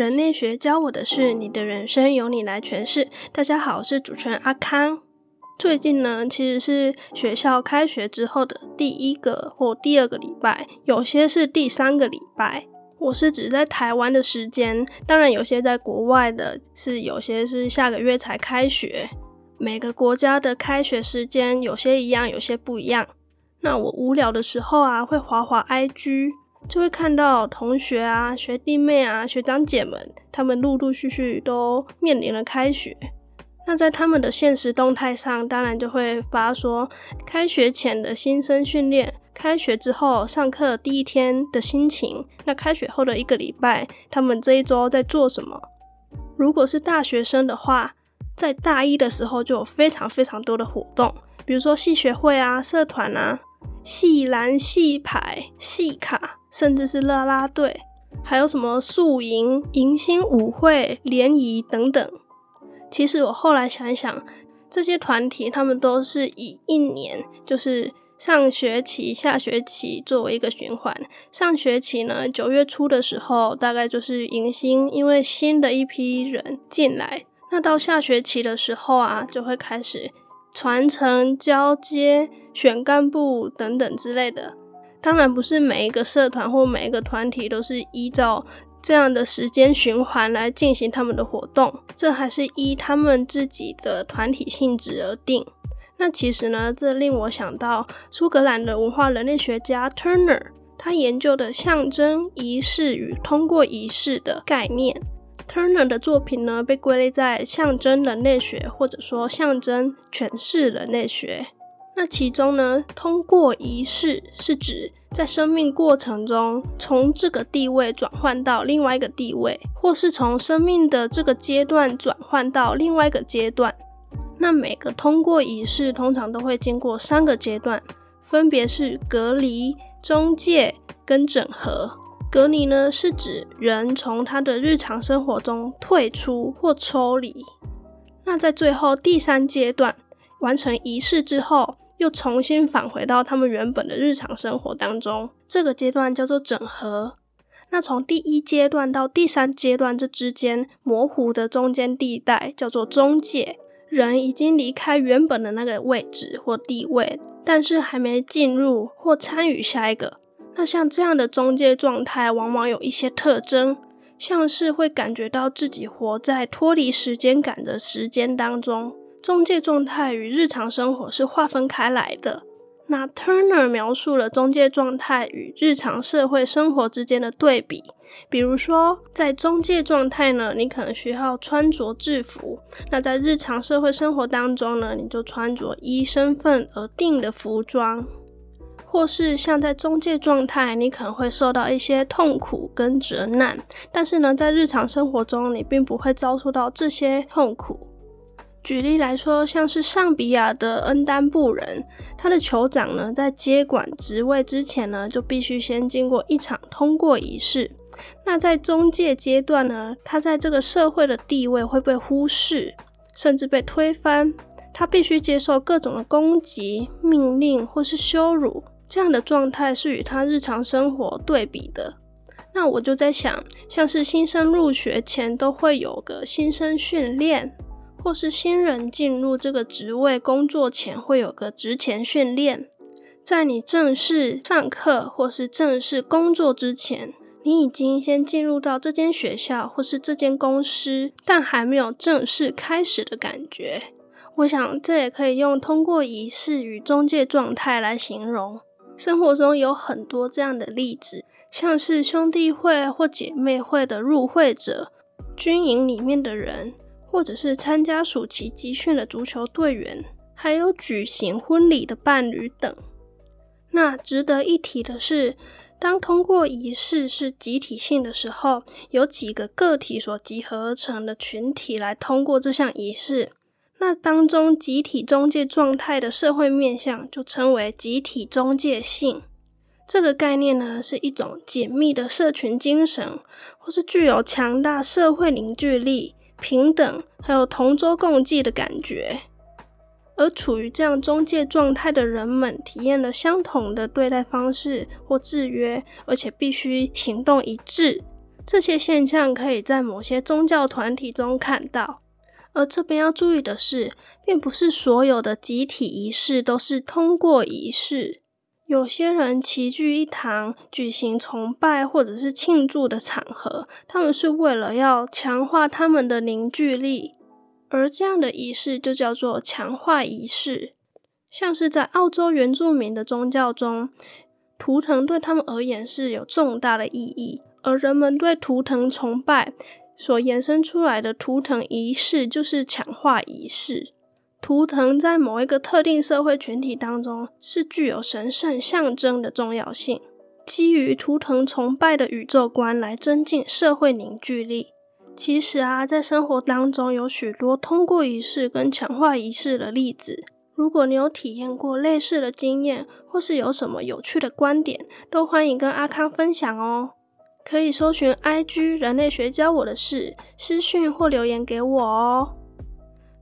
人類學教我的事，你的人生由你來詮釋。大家好，我是主持人阿康。最近呢，其實是學校開學之後的第一個或第二個禮拜，有些是第三個禮拜。我是指在台灣的時間，當然有些在國外的是，是有些是下個月才開學。每個國家的開學時間有些一樣，有些不一樣。那我無聊的時候啊，會滑滑 IG。就會看到同學啊、學弟妹啊、學長姐們，他們陸陸續續都面臨了開學。那在他們的限時動態上，當然就會發說，開學前的新生訓練，開學之後上課第一天的心情。那開學後的一個禮拜，他們這一周在做什麼？如果是大學生的話，在大一的時候就有非常非常多的活動，比如說系學會啊、社團啊、系籃、系排、系卡。甚至是啦啦隊，還有什麼宿營、迎新舞會、聯誼等等。其實我後來想一想，這些團體他們都是以一年，就是上學期、下學期作為一個循環。上學期呢，九月初的時候，大概就是迎新，因為新的一批人進來。那到下學期的時候啊，就會開始傳承交接、選幹部等等之類的。當然不是每一個社團或每一個團體都是依照這樣的時間循環來進行他們的活動，這還是依他們自己的團體性質而定。那其實呢，這令我想到蘇格蘭的文化人類學家 Turner，他研究的象徵儀式與通過儀式的概念。Turner 的作品呢，被歸類在象徵人類學，或者說象徵詮釋人類學。那其中呢，通過儀式是指在生命過程中，從這個地位轉換到另外一個地位，或是從生命的這個階段轉換到另外一個階段。那每個通過儀式通常都會經過三個階段，分別是隔離、中介跟整合。隔離呢，是指人從他的日常生活中退出或抽離。那在最後第三階段完成儀式之後，又重新返回到他們原本的日常生活當中，這個階段叫做整合。那從第一階段到第三階段這之間模糊的中間地帶叫做中介。人已經離開原本的那個位置或地位，但是還沒進入或參與下一個。那像這樣的中介狀態，往往有一些特徵，像是會感覺到自己活在脫離時間感的時間當中。中介狀態與日常生活是劃分開來的。那 Turner 描述了中介狀態與日常社會生活之間的對比。比如說，在中介狀態呢，你可能需要穿着制服；那在日常社會生活當中呢，你就穿着依身份而定的服裝。或是像在中介狀態，你可能會受到一些痛苦跟折難，但是呢，在日常生活中，你並不會遭受到這些痛苦。舉例來說，像是尚比亞的恩丹布人，他的酋長呢，在接管職位之前呢，就必須先經過一場通過儀式。那在中介階段呢，他在這個社會的地位會被忽視，甚至被推翻。他必須接受各種的攻擊、命令或是羞辱。這樣的狀態是與他日常生活對比的。那我就在想，像是新生入學前都會有個新生訓練。或是新人進入這個職位工作前會有個職前訓練，在你正式上課或是正式工作之前，你已經先進入到這間學校或是這間公司，但還沒有正式開始的感覺。我想這也可以用通過儀式與中介狀態來形容。生活中有很多這樣的例子，像是兄弟會或姐妹會的入會者，軍營裡面的人。或者是參加暑期集訓的足球隊員，還有舉行婚禮的伴侶等。那值得一提的是，當通過儀式是集體性的時候，有幾個個體所集合成的群體來通過這項儀式，那當中集體中介狀態的社會面向就稱為集體中介性。這個概念呢，是一種緊密的社群精神，或是具有強大社會凝聚力，平等，還有同舟共濟的感覺。而處於這樣中介狀態的人們，體驗了相同的對待方式或制約，而且必須行動一致。這些現象可以在某些宗教團體中看到。而這邊要注意的是，並不是所有的集體儀式都是通過儀式。有些人齊聚一堂，舉行崇拜或者是慶祝的場合，他們是為了要強化他們的凝聚力，而這樣的儀式就叫做強化儀式。像是在澳洲原住民的宗教中，圖騰對他們而言是有重大的意義，而人們對圖騰崇拜所衍生出來的圖騰儀式，就是強化儀式。圖騰在某一個特定社會群體當中是具有神聖象徵的重要性，基於圖騰崇拜的宇宙觀來增進社會凝聚力。其實啊，在生活當中有許多通過儀式跟強化儀式的例子。如果你有體驗過類似的經驗，或是有什麼有趣的觀點，都歡迎跟阿康分享哦。可以搜尋 IG 人類學教我的事私訊或留言給我哦。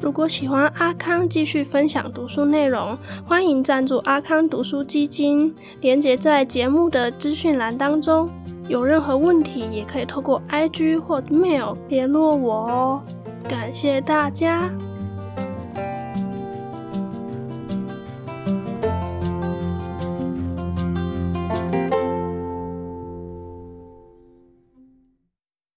如果喜歡阿康繼續分享讀書內容，歡迎贊助阿康讀書基金，連結在節目的資訊欄當中。有任何問題，也可以透過 IG 或 mail 聯絡我哦。感謝大家。